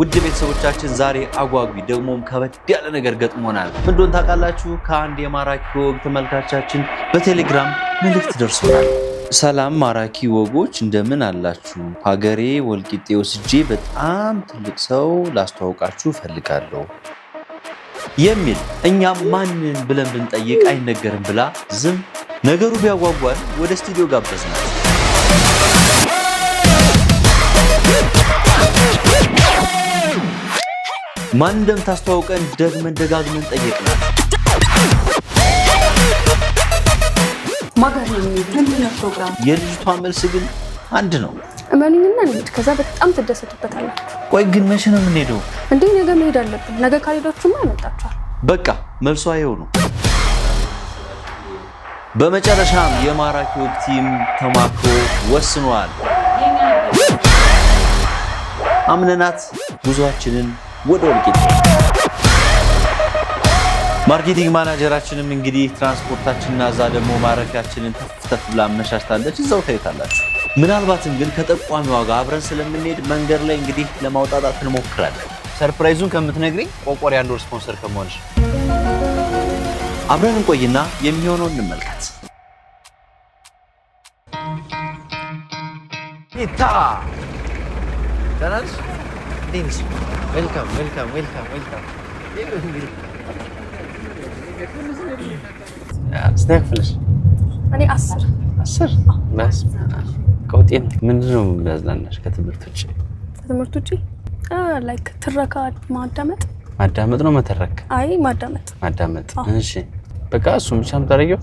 ውድ ቤተሰቦቻችን ዛሬ አጓጊ ደግሞም ከበድ ያለ ነገር ገጥሞናል። ምንድን ታውቃላችሁ? ከአንድ የማራኪ ወግ ተመልካቻችን በቴሌግራም መልእክት ደርሶናል። ሰላም ማራኪ ወጎች እንደምን አላችሁ? ሀገሬ ወልቂጤ ወስጄ በጣም ትልቅ ሰው ላስተዋውቃችሁ እፈልጋለሁ የሚል እኛም ማንን ብለን ብንጠይቅ አይነገርም ብላ ዝም ነገሩ ቢያጓጓን ወደ ስቱዲዮ ጋበዝናል። ማን እንደምታስተዋውቀን ደግመን ደጋግመን ጠየቅናል። የልጅቷ መልስ ግን አንድ ነው። እመኑኝና እንሂድ፣ ከዛ በጣም ትደሰቱበታላችሁ። ቆይ ግን መቼ ነው የምንሄደው? እንዴ ነገ መሄድ አለብን። ነገ ካልሄዳችሁማ ያመልጣችኋል። በቃ መልሷ ይኸው ነው። በመጨረሻም የማራኪ ቲም ተማክሮ ወስኗል። አምነናት ጉዟችንን ወደ ወልቂጤ። ማርኬቲንግ ማናጀራችንም እንግዲህ ትራንስፖርታችንና እዛ ደግሞ ማረፊያችንን ተፍተፍ ብላ አመቻችታለች። እዛው ታዩታላችሁ። ምናልባትም ግን ከጠቋሚ ዋጋ አብረን ስለምንሄድ መንገድ ላይ እንግዲህ ለማውጣጣት እንሞክራለን። ሰርፕራይዙን ከምትነግሪኝ ቆቆር ያንዶር ስፖንሰር ከመሆንሽ አብረን እንቆይና የሚሆነውን እንመልከት። ይታ እንዴት ነሽ? ዌልካም ዌልካም ዌልካም ዌልካም። ስንት ያክፍልሽ? እኔ አስር አስር ከውጤት ምንድን ነው የሚያዝናናሽ? ከትምህርት ውጭ ከትምህርት ውጭ ላይክ ትረካ ማዳመጥ ማዳመጥ ነው መተረክ? አይ ማዳመጥ ማዳመጥ። እሺ በቃ እሱ ብቻ የምታደርጊው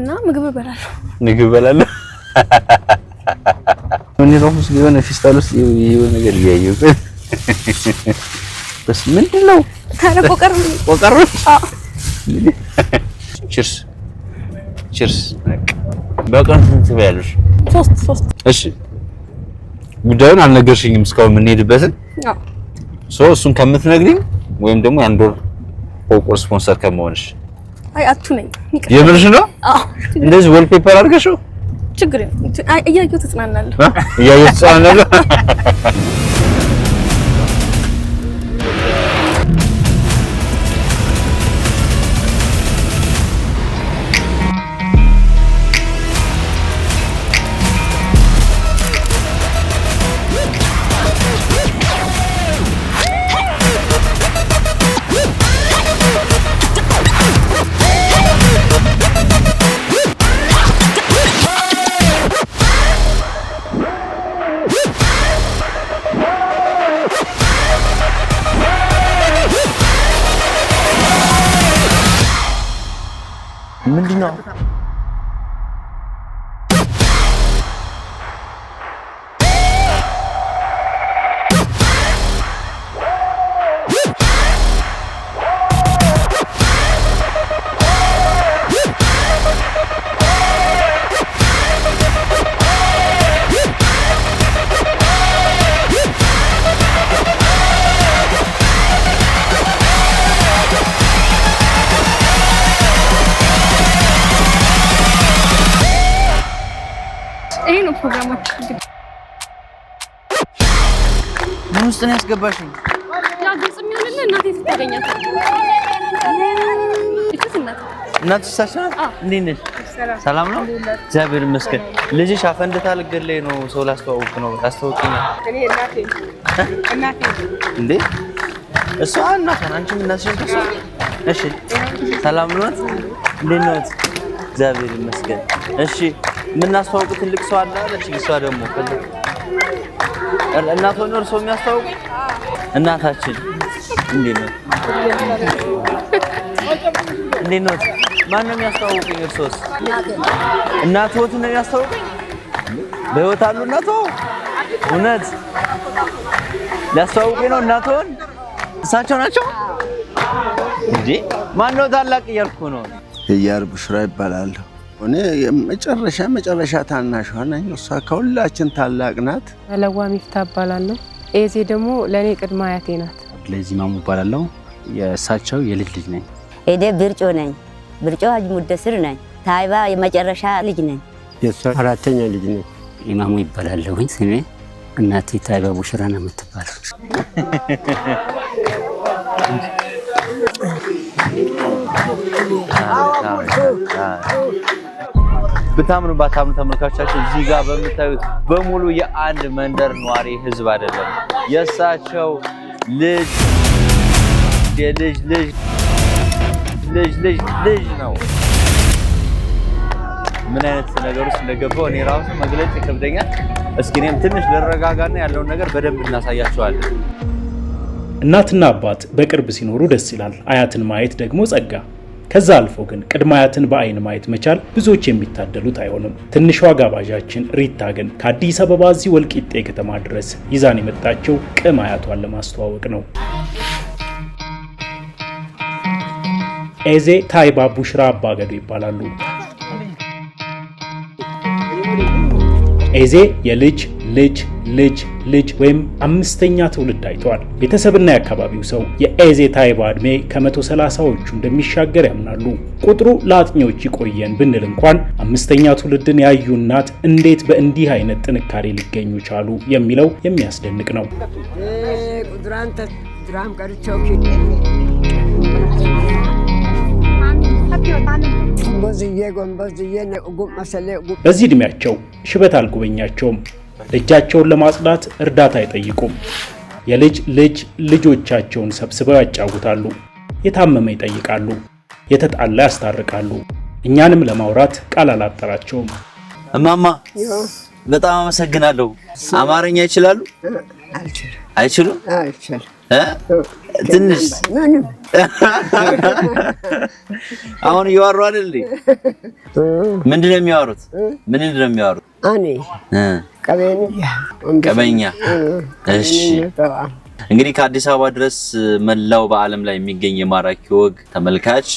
እና ምግብ እበላለሁ ምግብ እበላለሁ እኔ ራሱ የሆነ ፊስታል ውስጥ የሆነ ነገር እያየሁ በስ ምንድን ነው ቆቀር ቆቀር። ቺርስ ቺርስ። በቀን ስንት ትበያለሽ? ሶስት ሶስት። እሺ ጉዳዩን አልነገርሽኝም እስካሁን የምንሄድበትን ሶ እሱን ከምትነግሪኝ ወይም ደግሞ የአንድ ወር ቆቆር ስፖንሰር ከመሆንሽ አይ አቱ ነኝ። የምርሽ ነው? እንደዚህ ወልፔፐር አድርገሽው ችግር እያየሁ ተጽናናለሁ፣ እያየሁ ተጽናናለሁ። 你们知道。ፕሮግራሞች ምን ውስጥ ነው ያስገባሽ? ግልጽ እናት እንዴት ነሽ? ሰላም ነው? እግዚአብሔር ይመስገን። ልጅሽ አፈንድታ ልትገለኝ ነው። ሰው ላስተዋውቅ ነው። ታስተዋውቂኝ? እኔ እናቴ እናቴ እንዴ እሷ እናት አንቺ እናትሽን ተሰ እሺ፣ ሰላም ነው? እንዴት ነው? እግዚአብሔር ይመስገን። እሺ የምናስተዋውቁ ትልቅ ሰው አለ አለች። እሷ ደግሞ እናት ሆኖ እርሶ የሚያስተዋውቁ እናታችን እንዴት ነው? እንዴት ነው? ማን ነው የሚያስተዋውቁኝ? እርሶስ እናትዎት ነው የሚያስተዋውቁኝ? በህይወት አሉ እናቶ? እውነት ሊያስተዋውቁኝ ነው እናቶን? እሳቸው ናቸው እንዴ? ማን ነው ታላቅ እያልኩ ነው። ህያር ብሽራ ይባላለሁ። እኔ የመጨረሻ መጨረሻ ታናሽ ነኝ። እሷ ከሁላችን ታላቅ ናት። ለዋ ሚፍታ እባላለሁ። ኤዜ ደግሞ ለእኔ ቅድመ አያቴ ናት። ለዚህ ማሙ እባላለሁ። የእሳቸው የልጅ ልጅ ነኝ። ኤዴ ብርጮ ነኝ። ብርጮ ሀጅ ሙደስር ነኝ። ታይባ የመጨረሻ ልጅ ነኝ። የእሷ አራተኛ ልጅ ነኝ። ኢማሙ ይባላለሁኝ ስሜ። እናቴ ታይባ ቡሽራ ነው የምትባለው። ብታምኑ ባታምኑ ተመልካቾቻችን እዚህ ጋር በምታዩት በሙሉ የአንድ መንደር ነዋሪ ህዝብ አይደለም፣ የእሳቸው ልጅ የልጅ ልጅ ልጅ ልጅ ልጅ ነው። ምን አይነት ነገር ውስጥ እንደገባው እኔ ራሱ መግለጽ ይከብደኛል። እስኪ እኔም ትንሽ ልረጋጋና ያለውን ነገር በደንብ እናሳያቸዋለን። እናትና አባት በቅርብ ሲኖሩ ደስ ይላል። አያትን ማየት ደግሞ ጸጋ ከዛ አልፎ ግን ቅድመ አያትን በአይን ማየት መቻል ብዙዎች የሚታደሉት አይሆንም። ትንሿ ጋባዣችን ሪታ ግን ከአዲስ አበባ እዚህ ወልቂጤ ከተማ ድረስ ይዛን የመጣቸው ቅም አያቷን ለማስተዋወቅ ነው። ኤዜ ታይባ ቡሽራ አባገዱ ይባላሉ። ኤዜ የልጅ ልጅ ልጅ ልጅ ወይም አምስተኛ ትውልድ አይተዋል። ቤተሰብና የአካባቢው ሰው የኤዜ ታይባ ዕድሜ ከመቶ ሰላሳዎቹ እንደሚሻገር ያምናሉ። ቁጥሩ ለአጥኚዎች ይቆየን ብንል እንኳን አምስተኛ ትውልድን ያዩ እናት እንዴት በእንዲህ አይነት ጥንካሬ ሊገኙ ቻሉ የሚለው የሚያስደንቅ ነው። በዚህ እድሜያቸው ሽበት አልጎበኛቸውም። ልጃቸውን ለማጽዳት እርዳታ አይጠይቁም። የልጅ ልጅ ልጆቻቸውን ሰብስበው ያጫውታሉ። የታመመ ይጠይቃሉ፣ የተጣላ ያስታርቃሉ። እኛንም ለማውራት ቃል አላጠራቸውም። እማማ በጣም አመሰግናለሁ። አማርኛ ይችላሉ? አይችሉም? ትንሽ አሁን እያወሩ አይደል? ምንድን ነው የሚያወሩት? ምንድን ነው የሚያወሩት? ቀበኛ። እሺ እንግዲህ ከአዲስ አበባ ድረስ መላው በዓለም ላይ የሚገኝ የማራኪ ወግ ተመልካች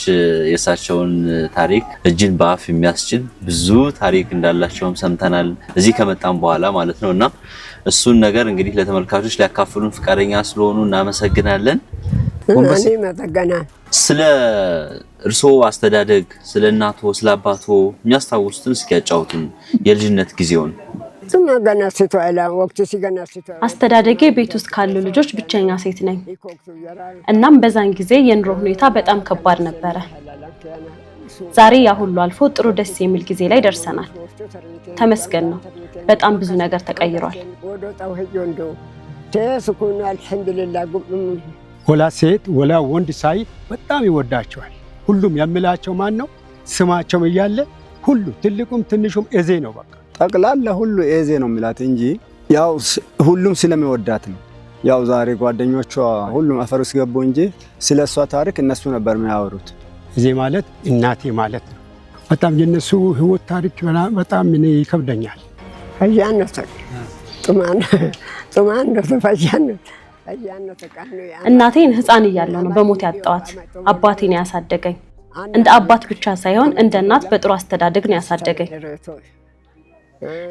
የእሳቸውን ታሪክ እጅን በአፍ የሚያስችል ብዙ ታሪክ እንዳላቸውም ሰምተናል፣ እዚህ ከመጣም በኋላ ማለት ነው እና እሱን ነገር እንግዲህ ለተመልካቾች ሊያካፍሉን ፍቃደኛ ስለሆኑ እናመሰግናለን። ስለ እርስዎ አስተዳደግ፣ ስለ እናቶ፣ ስለ አባቶ የሚያስታውሱትን እስኪ ያጫውቱን የልጅነት ጊዜውን። አስተዳደጌ ቤት ውስጥ ካሉ ልጆች ብቸኛ ሴት ነኝ። እናም በዛን ጊዜ የኑሮ ሁኔታ በጣም ከባድ ነበረ። ዛሬ ያ ሁሉ አልፎ ጥሩ ደስ የሚል ጊዜ ላይ ደርሰናል። ተመስገን ነው። በጣም ብዙ ነገር ተቀይሯል። ወላ ሴት ወላ ወንድ ሳይ በጣም ይወዳቸዋል። ሁሉም የሚላቸው ማን ነው? ስማቸውም እያለ ሁሉ ትልቁም ትንሹም ኤዜ ነው። በቃ ጠቅላላ ሁሉ ኤዜ ነው የሚላት እንጂ ያው ሁሉም ስለሚወዳት ነው። ያው ዛሬ ጓደኞቿ ሁሉም አፈር ውስጥ ገቡ እንጂ ስለ እሷ ታሪክ እነሱ ነበር የሚያወሩት። እዜ ማለት እናቴ ማለት ነው። በጣም የእነሱ ህይወት ታሪክ በጣም ይከብደኛል። እናቴን ህፃን እያለሁ ነው በሞት ያጣዋት። አባቴ ያሳደገኝ። እንደ አባት ብቻ ሳይሆን እንደ እናት በጥሩ አስተዳደግ ነው ያሳደገኝ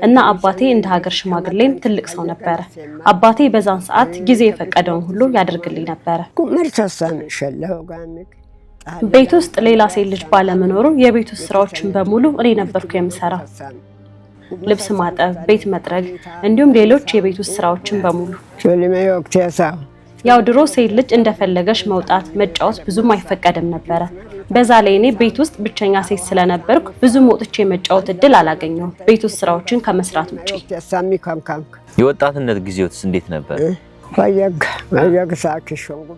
እና አባቴ እንደ ሀገር ሽማግሌም ትልቅ ሰው ነበረ። አባቴ በዛን ሰዓት ጊዜ የፈቀደውን ሁሉ ያደርግልኝ ነበረ። ቤት ውስጥ ሌላ ሴት ልጅ ባለመኖሩ የቤት ውስጥ ስራዎችን በሙሉ እኔ ነበርኩ የምሰራው። ልብስ ማጠብ፣ ቤት መጥረግ እንዲሁም ሌሎች የቤት ውስጥ ስራዎችን በሙሉ ያው ድሮ ሴት ልጅ እንደፈለገች መውጣት መጫወት ብዙም አይፈቀድም ነበረ። በዛ ላይ እኔ ቤት ውስጥ ብቸኛ ሴት ስለነበርኩ ብዙም ወጥቼ የመጫወት እድል አላገኘሁም ቤት ውስጥ ስራዎችን ከመስራት ውጭ። የወጣትነት ጊዜዎትስ እንዴት ነበር?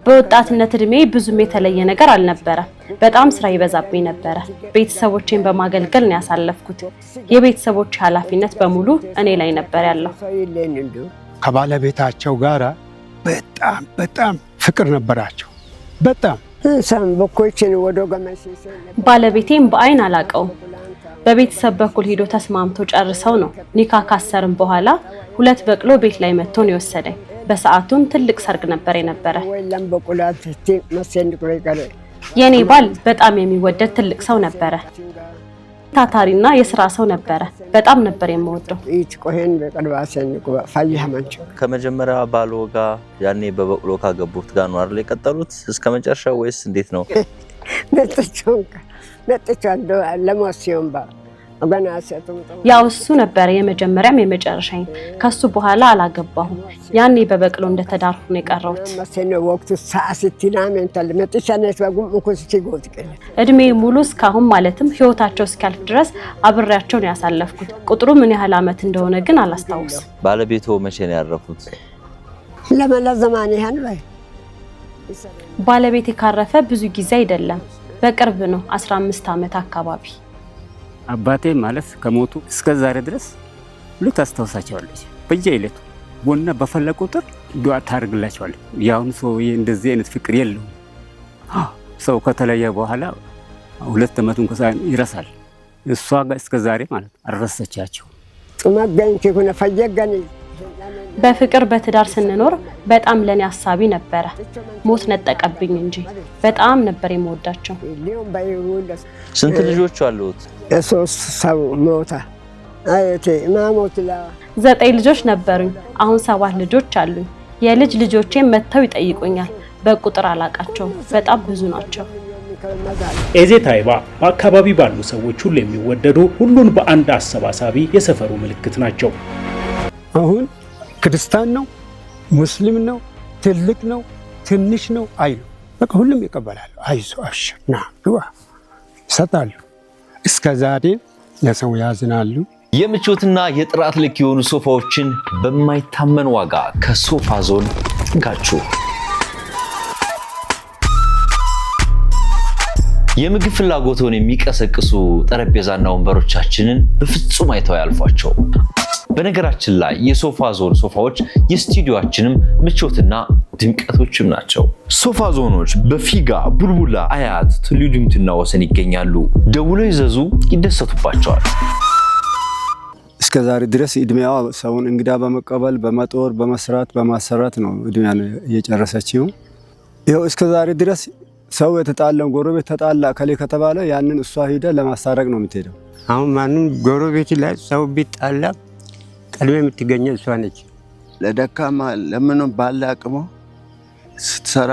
በወጣትነት እድሜ ብዙም የተለየ ነገር አልነበረም። በጣም ስራ ይበዛብኝ ነበረ። ቤተሰቦቼን በማገልገል ነው ያሳለፍኩት። የቤተሰቦች ኃላፊነት በሙሉ እኔ ላይ ነበር ያለው። ከባለቤታቸው ጋር በጣም በጣም ፍቅር ነበራቸው። በጣም ባለቤቴም በአይን አላቀውም። በቤተሰብ በኩል ሂዶ ተስማምቶ ጨርሰው ነው ኒካ ካሰርም በኋላ ሁለት በቅሎ ቤት ላይ መጥቶ ነው የወሰደኝ። በሰዓቱም ትልቅ ሰርግ ነበር የነበረ። የእኔ ባል በጣም የሚወደድ ትልቅ ሰው ነበረ። ታታሪና የስራ ሰው ነበረ። በጣም ነበር የምወደው። ከመጀመሪያ ባሎ ጋር ያኔ በበቅሎ ካገቡት ጋር ኗር ላይ ቀጠሉት እስከ መጨረሻ ወይስ እንዴት ነው? ያው እሱ ነበር የመጀመሪያም የመጨረሻኝ። ከሱ በኋላ አላገባሁም። ያኔ በበቅሎ እንደተዳርኩ ነው የቀረሁት። እድሜ ሙሉ እስካሁን ማለትም ህይወታቸው እስኪያልፍ ድረስ አብሬያቸው ነው ያሳለፍኩት። ቁጥሩ ምን ያህል ዓመት እንደሆነ ግን አላስታውስም። ባለቤቶ መቼ ነው ያረፉት? ለመላ ዘማን ያህል ባለቤቴ ካረፈ ብዙ ጊዜ አይደለም፣ በቅርብ ነው 15 ዓመት አካባቢ አባቴ ማለት ከሞቱ እስከ ዛሬ ድረስ ሁሉ ታስታውሳቸዋለች። በየዕለቱ ቡና በፈለቀ ቁጥር ዱዓ ታደርግላቸዋለች። የአሁኑ ሰው እንደዚህ አይነት ፍቅር የለውም። ሰው ከተለየ በኋላ ሁለት ዓመቱን ከሳ ይረሳል። እሷ ጋር እስከ ዛሬ ማለት አልረሰቻቸው ጥመገኝ ሆነ ፈየገን በፍቅር በትዳር ስንኖር በጣም ለኔ ሀሳቢ ነበረ። ሞት ነጠቀብኝ እንጂ በጣም ነበር የምወዳቸው። ስንት ልጆች አሉት? ሶስት ሰው ሞታ ዘጠኝ ልጆች ነበሩኝ። አሁን ሰባት ልጆች አሉኝ። የልጅ ልጆቼን መጥተው ይጠይቁኛል። በቁጥር አላቃቸውም። በጣም ብዙ ናቸው። ኤዜ ታይባ በአካባቢ ባሉ ሰዎች ሁሉ የሚወደዱ ሁሉን በአንድ አሰባሳቢ የሰፈሩ ምልክት ናቸው። አሁን ክርስቲያን ነው፣ ሙስሊም ነው፣ ትልቅ ነው፣ ትንሽ ነው አይሉ በቃ ሁሉም ይቀበላሉ። አይዞ አብሽር ና ግባ ይሰጣሉ። እስከ ዛሬ ለሰው ያዝናሉ። የምቾትና የጥራት ልክ የሆኑ ሶፋዎችን በማይታመን ዋጋ ከሶፋ ዞን ጋችሁ የምግብ ፍላጎትን የሚቀሰቅሱ ጠረጴዛና ወንበሮቻችንን በፍጹም አይተው ያልፏቸው። በነገራችን ላይ የሶፋ ዞን ሶፋዎች የስቱዲዮችንም ምቾትና ድምቀቶችም ናቸው። ሶፋ ዞኖች በፊጋ፣ ቡልቡላ፣ አያት፣ ትልዩ ድምትና ወሰን ይገኛሉ። ደውለው ይዘዙ፣ ይደሰቱባቸዋል። እስከዛሬ ድረስ እድሜዋ ሰውን እንግዳ በመቀበል በመጦር በመስራት በማሰራት ነው እድሜያን እየጨረሰችው። ይኸው እስከዛሬ ድረስ ሰው የተጣለን ጎረቤት ተጣላ ከሌ ከተባለ ያንን እሷ ሂደ ለማስታረቅ ነው የምትሄደው። አሁን ማንም ጎረቤት ላይ ሰው ቢጣላ ቀድሜ የምትገኘው እሷ ነች። ለደካማ ለምን ባለ አቅሞ ስትሰራ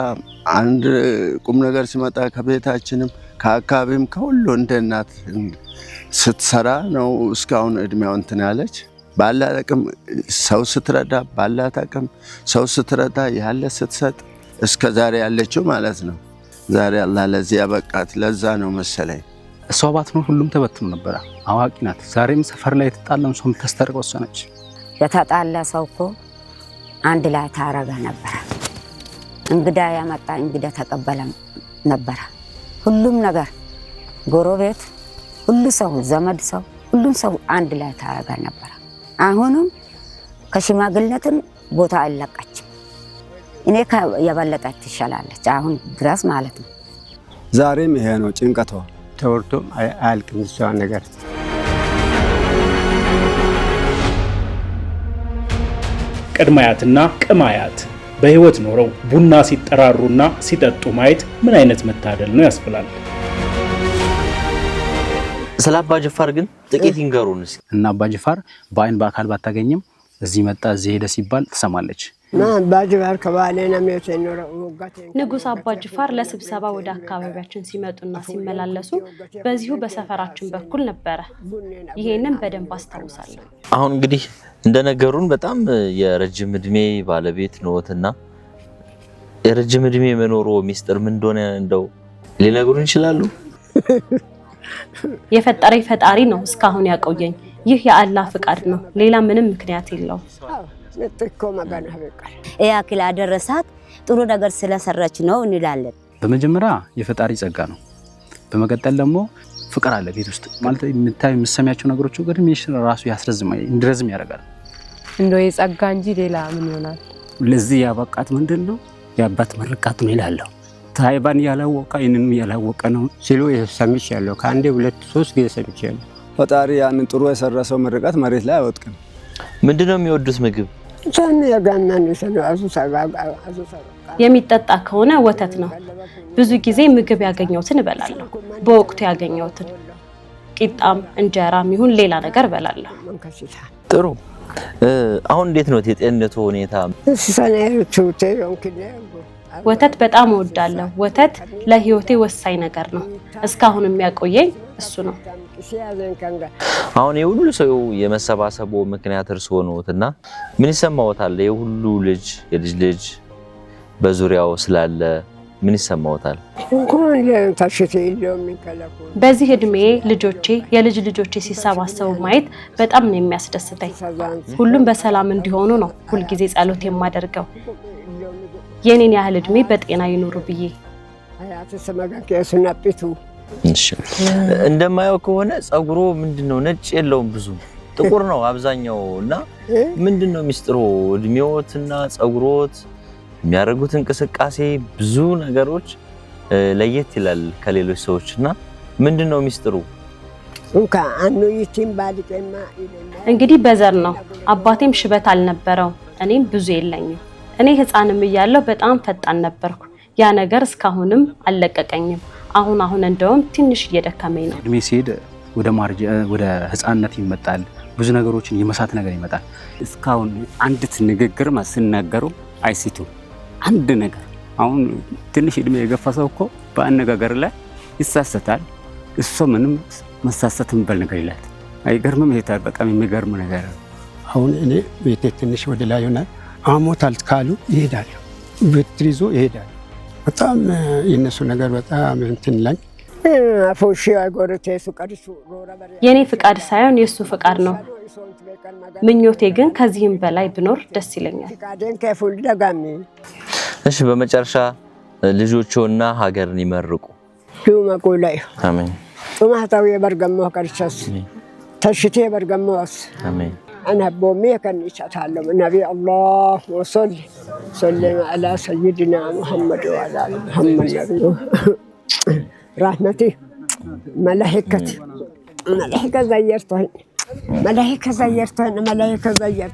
አንድ ቁም ነገር ሲመጣ ከቤታችንም ከአካባቢም ከሁሉ እንደ እናት ስትሰራ ነው እስካሁን እድሜያው እንትን ያለች። ባላት አቅም ሰው ስትረዳ፣ ባላት አቅም ሰው ስትረዳ፣ ያለ ስትሰጥ እስከ ዛሬ ያለችው ማለት ነው። ዛሬ አላህ ለዚህ ያበቃት። ለዛ ነው መሰለኝ እሷ ባትኖር ሁሉም ተበትኖ ነበረ። አዋቂ ናት። ዛሬም ሰፈር ላይ የተጣላን ሰው የምታስታርቅ እሷ ነች። የተጣላ ሰው እኮ አንድ ላይ ታረገ ነበረ። እንግዳ ያመጣ እንግዳ ተቀበለ ነበረ። ሁሉም ነገር ጎረቤት፣ ሁሉ ሰው፣ ዘመድ ሰው፣ ሁሉም ሰው አንድ ላይ ታረገ ነበረ። አሁንም ከሽማግልነትም ቦታ አለቀች። እኔ የበለጠ ትሻላለች አሁን ድረስ ማለት ነው። ዛሬም ይሄ ነው ጭንቀቷ። ተወርቶ አያልቅም። እሷ ነገር ቅድማያትና ቅማያት በህይወት ኖረው ቡና ሲጠራሩና ሲጠጡ ማየት ምን አይነት መታደል ነው ያስብላል። ስለ አባ ጅፋር ግን ጥቂት ይንገሩን እና አባ ጅፋር በአይን በአካል ባታገኝም እዚህ መጣ እዚህ ሄደ ሲባል ትሰማለች። ንጉስ አባ ጅፋር ለስብሰባ ወደ አካባቢያችን ሲመጡና ሲመላለሱ በዚሁ በሰፈራችን በኩል ነበረ። ይሄንን በደንብ አስታውሳለሁ። አሁን እንግዲህ እንደነገሩን በጣም የረጅም እድሜ ባለቤት ነዎትና የረጅም እድሜ መኖሮ ሚስጥር ምን እንደሆነ እንደው ሊነግሩን ይችላሉ? የፈጠረኝ ፈጣሪ ነው እስካሁን ያቆየኝ። ይህ የአላህ ፍቃድ ነው። ሌላ ምንም ምክንያት የለውም። እኮ መጋና በቃል ይህ አክል አደረሳት። ጥሩ ነገር ስለሰራች ነው እንላለን። በመጀመሪያ የፈጣሪ ጸጋ ነው። በመቀጠል ደግሞ ፍቅር አለ ቤት ውስጥ ማለት የምታዩ የምሰሚያቸው ነገሮች እድሜሽን ራሱ ያስረዝማ እንድረዝም ያደርጋል። እንደ የጸጋ እንጂ ሌላ ምን ይሆናል? ለዚህ ያበቃት ምንድን ነው? የአባት ምርቃት ነው ይላለሁ። ታይባን ያላወቀ ይህንንም ያላወቀ ነው ሲሉ ሰምቻለሁ። ከአንዴ ሁለት ሶስት ጊዜ ሰምቻለሁ። ፈጣሪ ያንን ጥሩ የሰራ ሰው ምርቃት መሬት ላይ አይወድቅም። ምንድነው የሚወዱት ምግብ የሚጠጣ ከሆነ ወተት ነው። ብዙ ጊዜ ምግብ ያገኘሁትን እበላለሁ። በወቅቱ ያገኘሁትን ቂጣም እንጀራም ይሁን ሌላ ነገር እበላለሁ። ጥሩ። አሁን እንዴት ነው የጤንነቱ ሁኔታ? ወተት በጣም እወዳለሁ። ወተት ለሕይወቴ ወሳኝ ነገር ነው። እስካሁን የሚያቆየኝ እሱ ነው። አሁን የሁሉ ሰው የመሰባሰቡ ምክንያት እርስ ነዎት እና ምን ይሰማዎታል? የሁሉ ልጅ የልጅ ልጅ በዙሪያው ስላለ ምን ይሰማዎታል? በዚህ እድሜ ልጆቼ የልጅ ልጆቼ ሲሰባሰቡ ማየት በጣም ነው የሚያስደስተኝ። ሁሉም በሰላም እንዲሆኑ ነው ሁልጊዜ ጸሎት የማደርገው የኔን ያህል እድሜ በጤና ይኑሩ ብዬ እንደማየው ከሆነ ጸጉሮ ምንድነው ነጭ የለውም ብዙ ጥቁር ነው አብዛኛው። እና ምንድነው ሚስጥሩ? እድሜዎትና ፀጉሮት የሚያደርጉት እንቅስቃሴ ብዙ ነገሮች ለየት ይላል ከሌሎች ሰዎች እና ምንድነው ሚስጥሩ? እንግዲህ በዘር ነው። አባቴም ሽበት አልነበረው፣ እኔም ብዙ የለኝም። እኔ ህፃንም እያለሁ በጣም ፈጣን ነበርኩ። ያ ነገር እስካሁንም አልለቀቀኝም። አሁን አሁን እንደውም ትንሽ እየደከመኝ ነው። እድሜ ሲሄድ ወደ ማርጅ ወደ ህፃንነት ይመጣል። ብዙ ነገሮችን የመሳት ነገር ይመጣል። እስካሁን አንዲት ንግግር ሲናገሩ አይሲቱ አንድ ነገር አሁን ትንሽ እድሜ የገፋ ሰው እኮ በአነጋገር ላይ ይሳሰታል። እሷ ምንም መሳሰት የሚባል ነገር ይላት አይገርምም። ይሄ በጣም የሚገርም ነገር ነው። አሁን እኔ ቤቴ ትንሽ ወደ ላይ ሆናል። አሞታል ካሉ ይሄዳለሁ፣ በትር ይዞ ይሄዳሉ። በጣም የነሱ ነገር በጣም እንትን ለኝ የእኔ ፍቃድ ሳይሆን የእሱ ፍቃድ ነው። ምኞቴ ግን ከዚህም በላይ ብኖር ደስ ይለኛል። እሺ፣ በመጨረሻ ልጆችና ሀገርን ይመርቁ። ተሽቴ አሜን። أنا بومي كان يتعلم النبي الله وصل سلم على سيدنا محمد وعلى محمد النبي رحمتي ملائكتي ملاحكة زيرتهن ملائكة زيرتهن ملائكة زيرتهن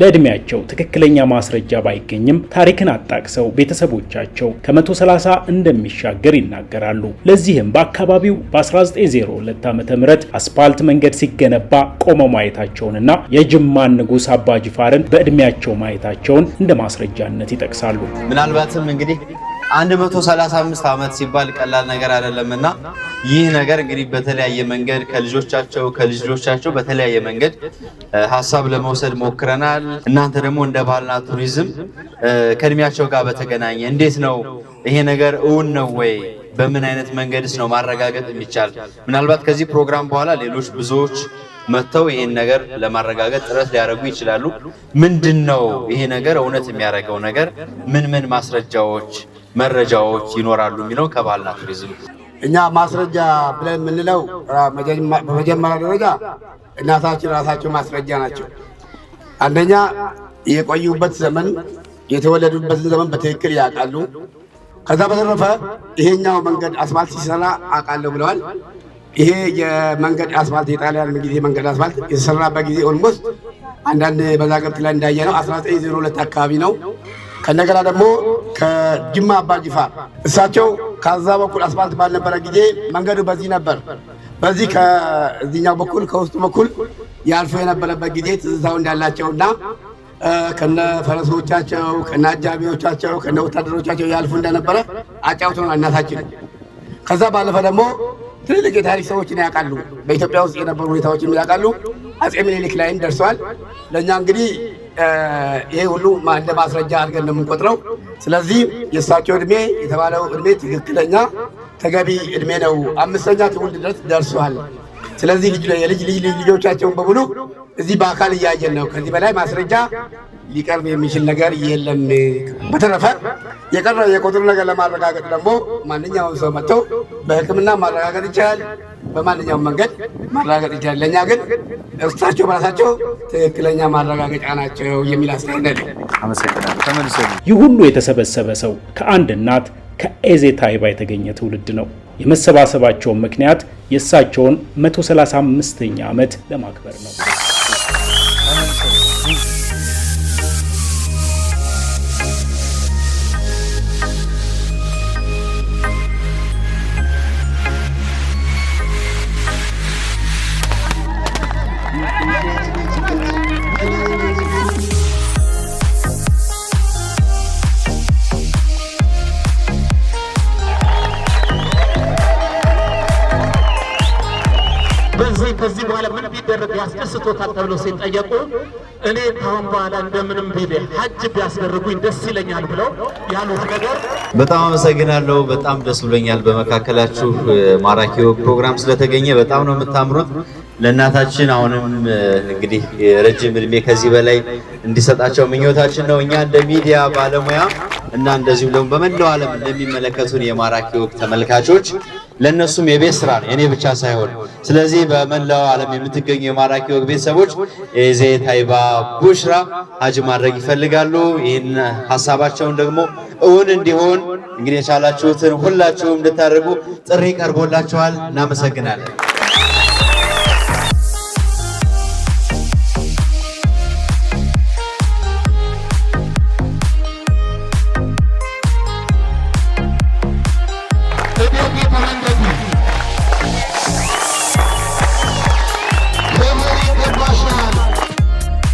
ለዕድሜያቸው ትክክለኛ ማስረጃ ባይገኝም ታሪክን አጣቅሰው ቤተሰቦቻቸው ከ130 እንደሚሻገር ይናገራሉ። ለዚህም በአካባቢው በ1902 ዓ ም አስፓልት መንገድ ሲገነባ ቆመው ማየታቸውንና የጅማን ንጉሥ አባ ጅፋርን በዕድሜያቸው ማየታቸውን እንደ ማስረጃነት ይጠቅሳሉ። ምናልባትም እንግዲህ 135 ዓመት ሲባል ቀላል ነገር አይደለምና ይህ ነገር እንግዲህ በተለያየ መንገድ ከልጆቻቸው ከልጆቻቸው በተለያየ መንገድ ሀሳብ ለመውሰድ ሞክረናል። እናንተ ደግሞ እንደ ባህልና ቱሪዝም ከእድሜያቸው ጋር በተገናኘ እንዴት ነው ይሄ ነገር እውን ነው ወይ? በምን አይነት መንገድስ ነው ማረጋገጥ የሚቻል? ምናልባት ከዚህ ፕሮግራም በኋላ ሌሎች ብዙዎች መጥተው ይሄን ነገር ለማረጋገጥ ጥረት ሊያደርጉ ይችላሉ። ምንድን ነው ይሄ ነገር እውነት የሚያደርገው ነገር ምን ምን ማስረጃዎች መረጃዎች ይኖራሉ የሚለው ከባህልና ቱሪዝም እኛ ማስረጃ ብለን የምንለው በመጀመሪያ ደረጃ እናታችን ራሳቸው ማስረጃ ናቸው። አንደኛ የቆዩበት ዘመን የተወለዱበትን ዘመን በትክክል ያውቃሉ። ከዛ በተረፈ ይሄኛው መንገድ አስፋልት ሲሰራ አውቃለሁ ብለዋል። ይሄ የመንገድ አስፋልት የጣሊያን ጊዜ መንገድ አስፋልት የተሰራበት ጊዜ ኦልሞስት አንዳንድ መዛግብት ላይ እንዳየ ነው 1902 አካባቢ ነው ከነገራ ደግሞ ከጅማ አባ ጅፋር እሳቸው ከዛ በኩል አስፋልት ባልነበረ ጊዜ መንገዱ በዚህ ነበር። በዚህ ከዚህኛው በኩል ከውስጡ በኩል ያልፉ የነበረበት ጊዜ ትዝታው እና ከነ ፈረሶቻቸው ከነ አጃቢዎቻቸው ከነ ወታደሮቻቸው ያልፉ እንደነበረ አጫውተው እናታችን። ከዛ ባለፈ ደግሞ ትልልቅ የታሪክ ሰዎችን ያውቃሉ። በኢትዮጵያ ውስጥ የነበሩ ሁኔታዎችን ያውቃሉ። አፄ ምኒልክ ላይም ደርሰዋል። ለእኛ እንግዲህ ይሄ ሁሉ እንደ ማስረጃ አድርገን የምንቆጥረው። ስለዚህ የእሳቸው እድሜ የተባለው እድሜ ትክክለኛ ተገቢ እድሜ ነው። አምስተኛ ትውልድ ድረስ ደርሷል። ስለዚህ የልጅ ልጅ ልጆቻቸውን በሙሉ እዚህ በአካል እያየን ነው። ከዚህ በላይ ማስረጃ ሊቀርብ የሚችል ነገር የለም። በተረፈ የቀረ የቁጥር ነገር ለማረጋገጥ ደግሞ ማንኛውም ሰው መጥተው በህክምና ማረጋገጥ ይቻላል። በማንኛውም መንገድ ማረጋገጥ ይቻላል። ለእኛ ግን እርሳቸው በራሳቸው ትክክለኛ ማረጋገጫ ናቸው የሚል አስተያየት ይህ ሁሉ የተሰበሰበ ሰው ከአንድ እናት ከኤዜ ታይባ የተገኘ ትውልድ ነው። የመሰባሰባቸውን ምክንያት የእሳቸውን 135ኛ ዓመት ለማክበር ነው። ስጦታ ተብለው ሲጠየቁ እኔ ካሁን በኋላ እንደምንም ቢቤ ሀጅ ቢያስደርጉኝ ደስ ይለኛል ብለው ያሉት ነገር በጣም አመሰግናለሁ። በጣም ደስ ብሎኛል። በመካከላችሁ ማራኪ ፕሮግራም ስለተገኘ በጣም ነው የምታምሩት። ለእናታችን አሁንም እንግዲህ ረጅም እድሜ ከዚህ በላይ እንዲሰጣቸው ምኞታችን ነው። እኛ እንደ ሚዲያ ባለሙያ እና እንደዚሁም ደግሞ በመላው ዓለም እንደሚመለከቱን የማራኪ ወቅት ተመልካቾች ለእነሱም የቤት ስራ ነው፣ የኔ ብቻ ሳይሆን። ስለዚህ በመላው ዓለም የምትገኙ የማራኪ ወግ ቤተሰቦች የዜ ታይባ ቡሽራ ሀጅ ማድረግ ይፈልጋሉ። ይህን ሀሳባቸውን ደግሞ እውን እንዲሆን እንግዲህ የቻላችሁትን ሁላችሁም እንድታደርጉ ጥሪ ቀርቦላችኋል። እናመሰግናለን።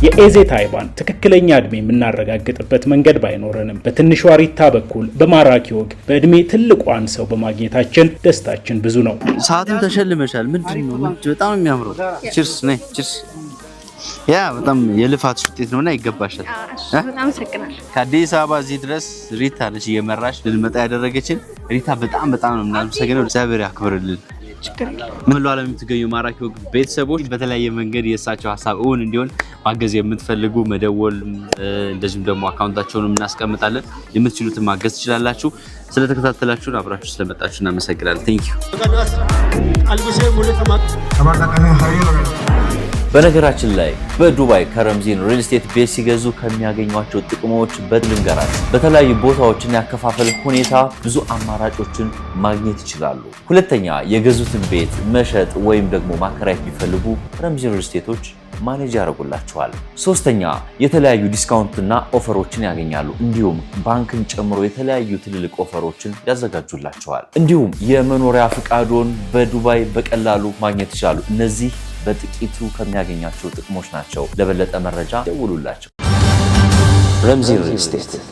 የኤዜ ታይባን ትክክለኛ እድሜ የምናረጋግጥበት መንገድ ባይኖረንም በትንሿ ሪታ በኩል በማራኪ ወግ በእድሜ ትልቋን ሰው በማግኘታችን ደስታችን ብዙ ነው። ሰዓትም ተሸልመሻል። ምንድን ነው በጣም የሚያምረው። ቺርስ ነይ ቺርስ። ያ በጣም የልፋት ውጤት ነውና ይገባሻል። ከአዲስ አበባ እዚህ ድረስ ሪታ ነች እየመራሽ ልንመጣ ያደረገችን። ሪታ በጣም በጣም ነው የምናመሰግነው። እግዚአብሔር ያክብርልን። ምን ዓለም የምትገኙ ማራኪ ወግ ቤተሰቦች በተለያየ መንገድ የእሳቸው ሀሳብ እውን እንዲሆን ማገዝ የምትፈልጉ መደወል፣ እንደዚሁም ደግሞ አካውንታቸውንም እናስቀምጣለን። የምትችሉትን ማገዝ ትችላላችሁ። ስለተከታተላችሁን አብራችሁ ስለመጣችሁ እናመሰግናለን። ቴንክ ዩ በነገራችን ላይ በዱባይ ከረምዚን ሪል ስቴት ቤት ሲገዙ ከሚያገኟቸው ጥቅሞች በድልንገራቸው በተለያዩ ቦታዎችን ያከፋፈል ሁኔታ ብዙ አማራጮችን ማግኘት ይችላሉ። ሁለተኛ የገዙትን ቤት መሸጥ ወይም ደግሞ ማከራየት የሚፈልጉ ረምዚን ሪል ስቴቶች ማኔጅ ያደርጉላቸዋል። ሶስተኛ የተለያዩ ዲስካውንትና ኦፈሮችን ያገኛሉ። እንዲሁም ባንክን ጨምሮ የተለያዩ ትልልቅ ኦፈሮችን ያዘጋጁላቸዋል። እንዲሁም የመኖሪያ ፍቃዶን በዱባይ በቀላሉ ማግኘት ይችላሉ። እነዚህ በጥቂቱ ከሚያገኛቸው ጥቅሞች ናቸው። ለበለጠ መረጃ ደውሉላቸው። ረምዚ ሪል ስቴት